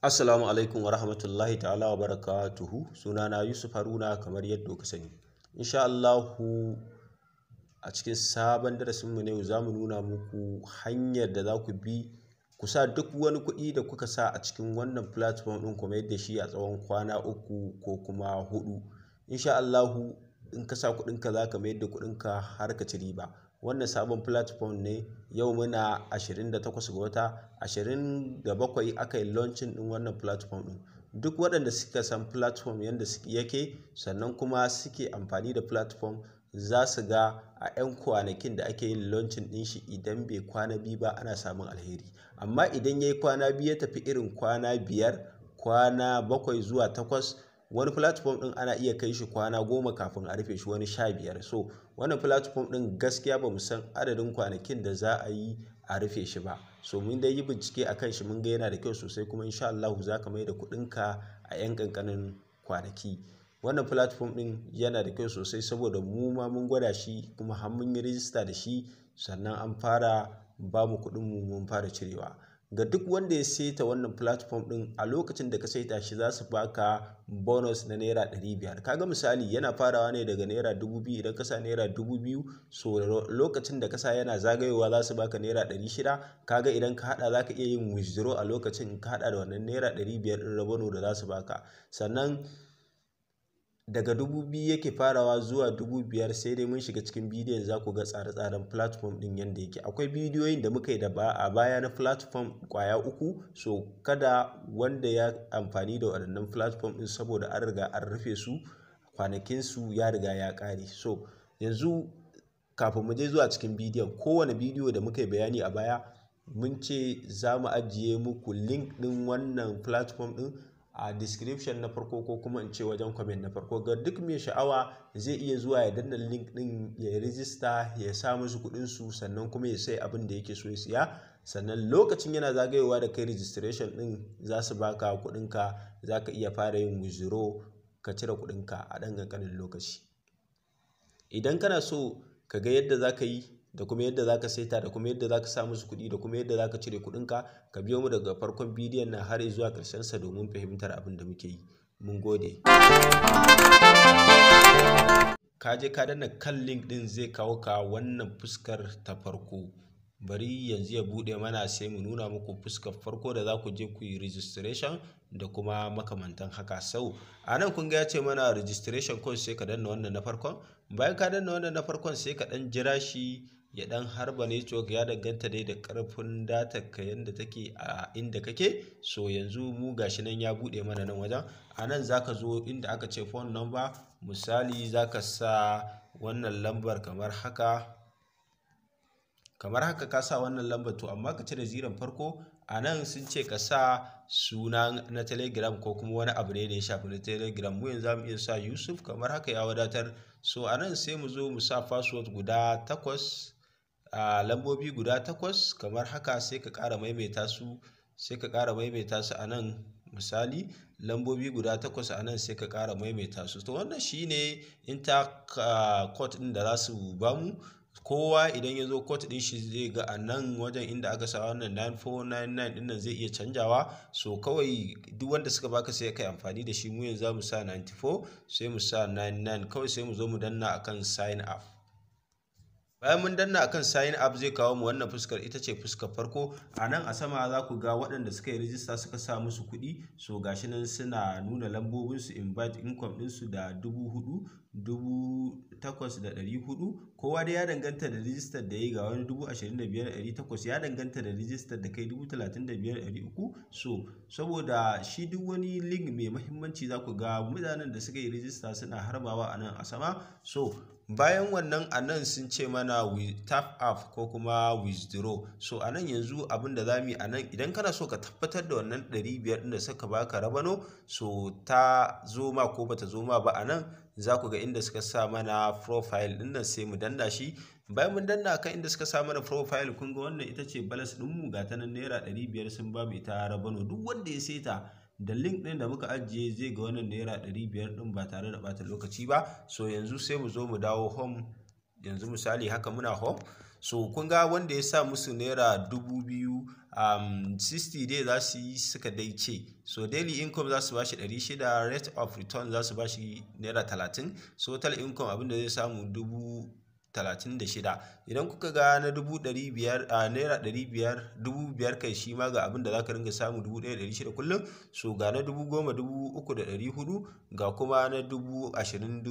Assalamu alaikum wa rahmatullahi ta'ala wa barakatuhu sunana Yusuf Haruna kamar yadda ka sani insha Allahu a cikin sabon darasin mu za mu nuna muku hanyar da za ku bi ku sa duk wani kuɗi da kuka sa a cikin wannan platform ɗin kuma yadda shi a tsawon kwana uku ko kuma hudu insha Allahu in ka sa kuɗinka za ka mayar da kuɗinka har ka ci riba wannan sabon platform ne yau muna 28 ga wata 27 aka yi launching din wannan platform din duk waɗanda suka san platform yadda yake sannan kuma suke amfani da platform za su ga a 'yan kwanakin da ake yin launching din shi idan bai kwana biyu ba ana samun alheri amma idan ya yi kwana biyu ya tafi irin kwana biyar kwana bakwai zuwa takwas wani platform din ana iya kai shi kwana goma kafin a rufe shi wani sha biyar so wani platform din gaskiya ba mu san adadin kwanakin da za a yi a rufe shi ba so mun dai yi bincike a kan shi mun ga yana da kyau sosai kuma insha Allah za ka mai da kuɗinka a 'yan kankanin kwanaki wannan platform din yana da kyau sosai saboda mu ma mun gwada shi kuma har mun yi rijista da shi sannan an fara ba mu kuɗin mu mun fara cirewa ga duk wanda ya saita wannan platform din a lokacin da ka saita shi za su baka bonus na naira 500 kaga misali yana farawa ne daga naira 2000 idan kasa naira 2000 so lokacin da kasa yana zagayowa za su baka naira 600 kaga idan ka hada za ka iya yin withdraw a lokacin ka hada da wannan naira 500 din rabono da za su baka sannan daga dubu biyu yake farawa zuwa dubu biyar sai dai mun shiga cikin bidiyon za ku ga tsare-tsaren platform din yadda yake akwai bidiyoyin da muka yi da a baya na platform kwaya uku so kada wanda ya amfani da waɗannan platform din saboda an riga an rufe su kwanakinsu ya riga ya ƙare so yanzu kafin mu je zuwa cikin bidiyon kowane bidiyo da muka yi bayani a baya mun ce za mu ajiye muku link ɗin wannan platform ɗin a description na farko ko kuma in ce wajen comment na farko ga duk mai sha'awa zai iya zuwa ya danna link din ya register ya sa musu kuɗin su sannan kuma ya sai abin da yake so ya siya sannan lokacin yana zagayowa da kai registration din za su baka kuɗinka za ka iya fara yin withdraw ka cire ka a ɗan ƙanƙanin lokaci idan kana so ka ga yadda za ka yi da kuma yadda za ka saita da kuma yadda za ka sa musu kuɗi da kuma yadda za ka cire kuɗinka ka biyo mu daga farkon bidiyon na har zuwa sa domin fahimtar abin da muke yi mun gode ka je ka danna kan link din zai kawo ka wannan fuskar ta farko bari yanzu ya buɗe mana sai mu nuna muku fuskar farko da za ku je ku yi registration da kuma makamantan haka sau a nan kun ga ya ce mana registration code sai ka danna wannan na farkon bayan ka danna wannan na farkon sai ka dan jira shi ya dan harba network ya danganta dai da karfin datar ka da take a inda kake so yanzu mu gashi nan ya bude mana nan wajen a nan zaka zo inda aka ce phone number misali zaka sa wannan lambar kamar haka kamar haka ka sa wannan lambar to amma ka cire ziran farko a nan sun ce ka sa suna na telegram ko kuma wani abu ne da ya shafi na telegram mu yanzu mu iya sa yusuf kamar haka ya wadatar so a nan sai mu zo mu sa password guda takwas a lambobi guda takwas kamar haka sai ka ƙara maimaita su sai ka ƙara maimaita su a nan misali lambobi guda takwas a nan sai ka ƙara maimaita su to wannan shi shine inta kot ɗin da za su bamu kowa idan ya zo kot din shi zai ga a nan wajen inda aka sa wannan 9499 din nan zai iya canjawa so kawai duk wanda suka baka sai kai amfani da shi mu yanzu za mu sa 94 sai mu sa 99 kawai sai mu zo mu danna akan sign up bayan mun danna akan sign up zai kawo mu wannan fuskar ita ce fuskar farko a nan a sama za ku ga waɗanda suka yi rijista suka sa musu kuɗi so gashi nan suna nuna lambobinsu invite income ɗinsu da dubu hudu dubu takwas da ɗari hudu kowa dai ya danganta da rijistar da ya yi ga wani dubu ashirin da biyar ɗari takwas ya danganta da rijistar da kai dubu talatin da biyar ɗari uku so saboda shi duk wani link mai mahimmanci za ku ga mutanen da suka yi rijista suna harbawa a nan a sama so bayan wannan a nan sun ce mana tap app ko kuma withdraw so a nan yanzu abin da za mu yi a nan idan kana so ka tabbatar da wannan 500 ɗin da suka baka rabano so ta zo ma ko bata zo ma ba a nan za ku ga inda suka sa mana profile ɗin nan sai mu danna shi bayan mun danna kan inda suka sa mana profile kun ga wannan ita ce balas ɗinmu ga ta nan naira 500 sun ba mu ita rabano duk wanda ya saita. da link ɗin da muka ajiye zai ga wannan naira ɗari biyar ɗin ba tare da bata lokaci ba so yanzu sai mu zo mu dawo home yanzu misali haka muna home so kun ga wanda ya sa musu naira dubu biyu um, 60 dai za su yi suka dai ce so daily income za su bashi 600 rate of return za su shi naira 30 so total income abinda zai samu dubu 36,000 idan kuka ga na dubu a naira ɗari biyar kai shi ma ga abin da za ka ringa samu dubu kullum so ga na dubu goma ga kuma na dubu ashirin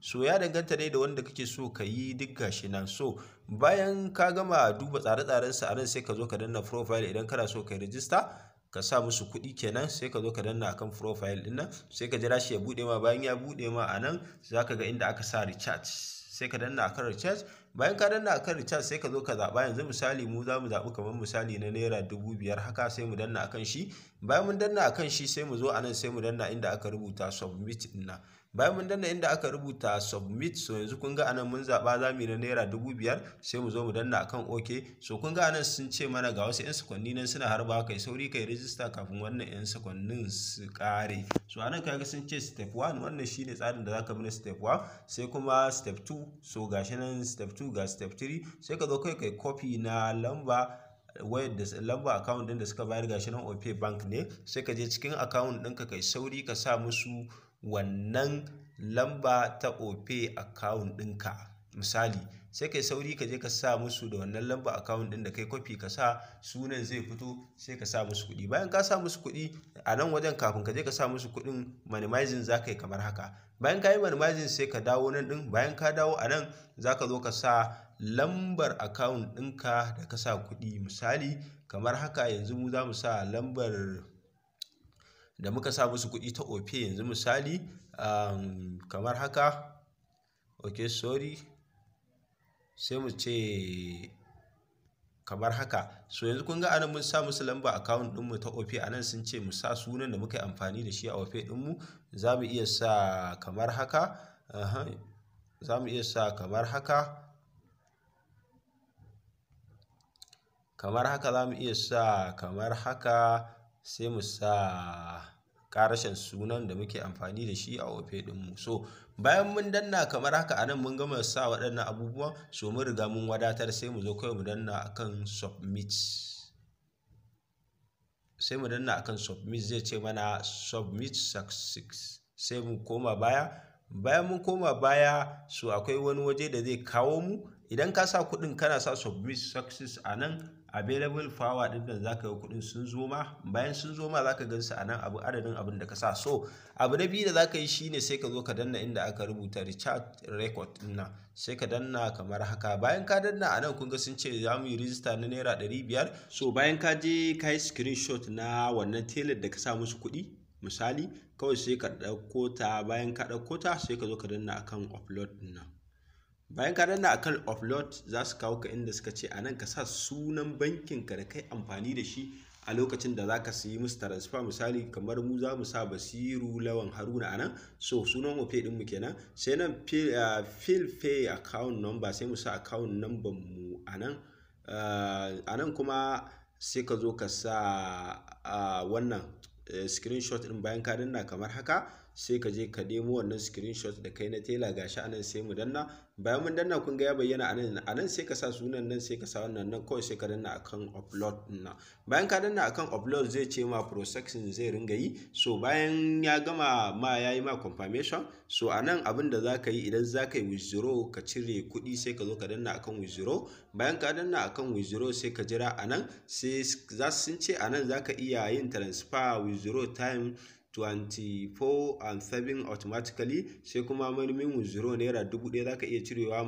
so ya danganta dai da wanda kake so ka yi duk gashi nan so bayan ka gama duba tsare-tsarensa a nan sai ka zo ka danna profile idan kana so ka yi rijista ka sa musu kuɗi kenan sai ka zo ka danna akan profile ɗin nan sai ka jira shi ya buɗe ma bayan ya buɗe ma a nan za ka ga inda aka sa recharge sai ka danna kan recharge bayan ka danna akan recharge sai ka zo ka zaɓa yanzu misali mu za mu zaɓi kamar misali na naira dubu biyar haka sai mu danna akan shi bayan mun danna akan shi sai mu zo a nan sai mu danna inda aka rubuta submit ɗin bayan mun danna inda aka rubuta submit so yanzu kun ga anan mun zaba za mu yi na naira dubu biyar sai mu zo mu danna akan ok so kun ga anan sun ce mana ga wasu 'yan sakwanni nan suna harba kai sauri kai rijista kafin wannan 'yan sakwannin su kare so anan ga sun ce step 1 wannan shine tsarin da zaka bi na step 1 sai kuma step 2 so gashi nan step 2 ga step 3 sai ka zo kai kai copy na lamba wayar da lamba account din da suka bayar gashi nan opay bank ne sai ka je cikin account ɗinka kai sauri ka sa musu wannan lamba ta ofe account ɗinka misali sai kai sauri ka je ka sa musu da wannan lamba account ɗin da kai kwafi ka sa sunan zai fito sai ka sa musu kuɗi bayan ka sa musu kuɗi a nan wajen kafin ka je ka sa musu kuɗin minimizing za ka yi kamar haka bayan ka yi minimizing sai ka dawo nan ɗin bayan ka dawo a nan za ka zo ka sa lambar account ɗinka da ka sa kuɗi misali kamar haka yanzu mu za mu sa lambar da muka sa musu kuɗi ta ofe yanzu misali um, kamar haka ok sorry sai mu ce kamar haka so yanzu kun ga anan mun sa musu lamba account ɗinmu ta ofe anan sun ce mu sa sunan da muka yi amfani da shi a ofe ɗinmu za mu iya sa kamar haka za mu iya sa kamar haka kamar haka za mu iya sa kamar haka sai mu sa karashen sunan da muke amfani da shi a ofe ɗinmu so bayan mun danna kamar haka a nan mun gama sa waɗannan abubuwa so mun riga mun wadatar sai mu zo kawai mu danna akan submit sai mu danna akan submit zai ce mana submit success sai mu koma baya bayan mun koma baya su akwai wani waje da zai kawo mu idan ka sa kuɗin kana sa submit success a nan available power ɗin za zaka yi kuɗin sun zo ma bayan sun zo ma zaka gansu a nan abu adadin abin da ka sa so abu na biyu da zaka yi shine sai ka zo ka danna inda aka rubuta recharge record ɗin sai ka danna kamar haka bayan ka danna a nan kun ga sun ce za mu yi rijista na naira 500? so bayan ka je ka yi screenshot na wannan telar da ka sa musu kuɗi misali kawai sai ka ɗauko ta bayan ka ɗauko ta sai ka zo ka danna akan upload din nan bayan ka danna akan upload za su kawo ka inda suka ce a nan ka sa sunan bankin ka da kai amfani da shi a lokacin da za zaka sayi musu transfer misali kamar mu za mu sa basiru lawan haruna a nan so sunan mu pay mu kenan sai nan fill ah, pay account number sai mu sa account number mu a nan ah, a nan kuma sai ka zo ka sa ah, wannan Eh, screenshot din bayan ka danna kamar haka sai ka je ka nemo wannan screenshot da kai na tela gashi anan sai mu danna bayan mun danna kun ga ya bayyana anan anan sai ka sa sunan nan sai ka sa wannan nan kawai sai ka danna akan upload din bayan ka danna akan upload zai ce ma processing zai ringa yi so bayan ya gama ma yayi ma confirmation so anan abin da zaka yi idan zaka yi withdraw ka cire kuɗi sai ka zo ka danna akan withdraw bayan ka danna akan withdraw sai ka jira anan sai za sun ce anan zaka iya yin transfer withdraw time 24 and 7 automatically sai kuma minimum withdraw naira dubu ɗaya zaka iya cirewa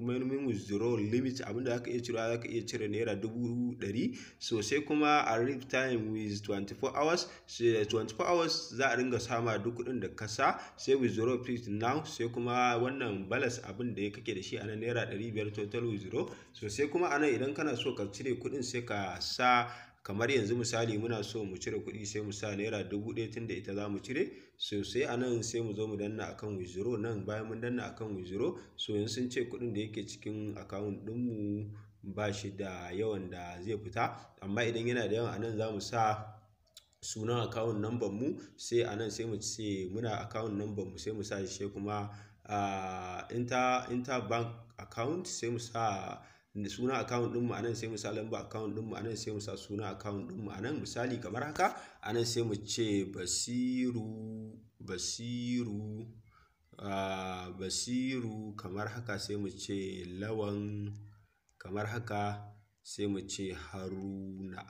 minimum withdraw limit abinda zaka iya cirewa zaka iya cire naira dubu ɗari so sai kuma a reef time with 24 hours 24 hours za a ringa sama duk kuɗin da ka sa sai withdraw fees now sai kuma wannan balas abin da kake da shi a nan naira 500 total withdraw so sai kuma a nan idan kana so ka cire kuɗin sai ka sa kamar yanzu misali muna so mu cire kuɗi sai mu sa naira dubu ɗaya tun da ita za mu cire so a nan sai mu zo mu danna akan withdraw nan bayan mun danna akan withdraw so yanzu sun ce kuɗin da yake cikin account ɗinmu ba shi da yawan da zai fita amma idan yana da yawan a nan za mu sa sunan account number mu sai a nan sai mu ce muna account number mu sai mu sa shi kuma uh, inter, bank account sai mu sa suna account din mu anan sai mu sa lamba account din mu anan sai mu sa suna account din mu anan misali kamar haka anan sai mu ce basiru basiru a basiru kamar haka sai mu ce lawan kamar haka sai mu ce haruna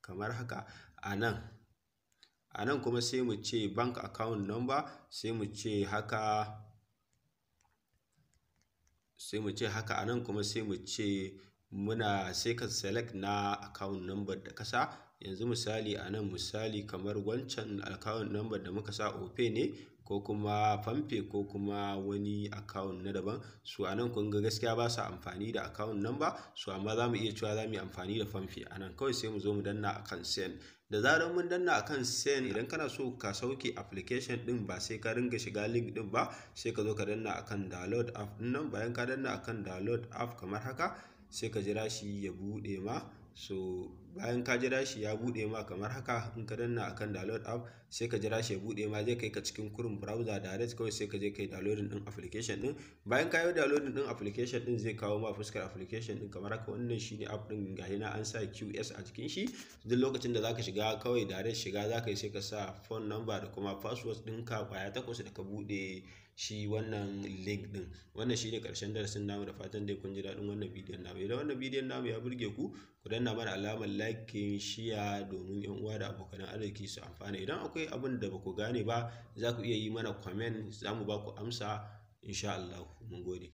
kamar haka anan anan kuma sai mu ce bank account number sai mu ce haka sai mu ce haka anan kuma sai mu ce muna sai ka select na account number da kasa yanzu misali anan misali kamar wancan account number da muka sa ofe ne ko kuma famfe ko kuma wani account na daban su anan kun ga gaskiya ba sa amfani da account number su amma za mu iya cewa za mu yi amfani da famfe anan kawai sai mu zo mu danna akan send da zarar mun danna akan sen idan kana so ka sauke application din ba sai ka ringa shiga link din ba sai ka zo ka danna akan download app din nan bayan ka danna akan download app kamar haka sai ka jira shi ya bude ma so bayan ka jira shi ya buɗe ma kamar haka in ka danna akan download app sai ka jira shi ya buɗe ma zai kai ka cikin kurin browser direct kawai sai ka je kai downloading din application din bayan ka yi downloading din application din zai kawo ma fuskar application din kamar haka wannan shine app din gashi na an sa QS a cikin shi duk lokacin da zaka shiga kawai direct shiga zaka yi sai ka sa phone number da kuma password din ka kwaya takwas da ka buɗe shi wannan link din wannan shine karshen darasin namu da fatan dai kun ji daɗin wannan bidiyon namu idan wannan bidiyon namu ya burge ku ku danna mana alamar like liking shiya domin yan uwa da abokan arziki su amfana idan akwai abin da baku gane ba za ku iya yi mana comment za mu ba ku amsa insha Allah mun gode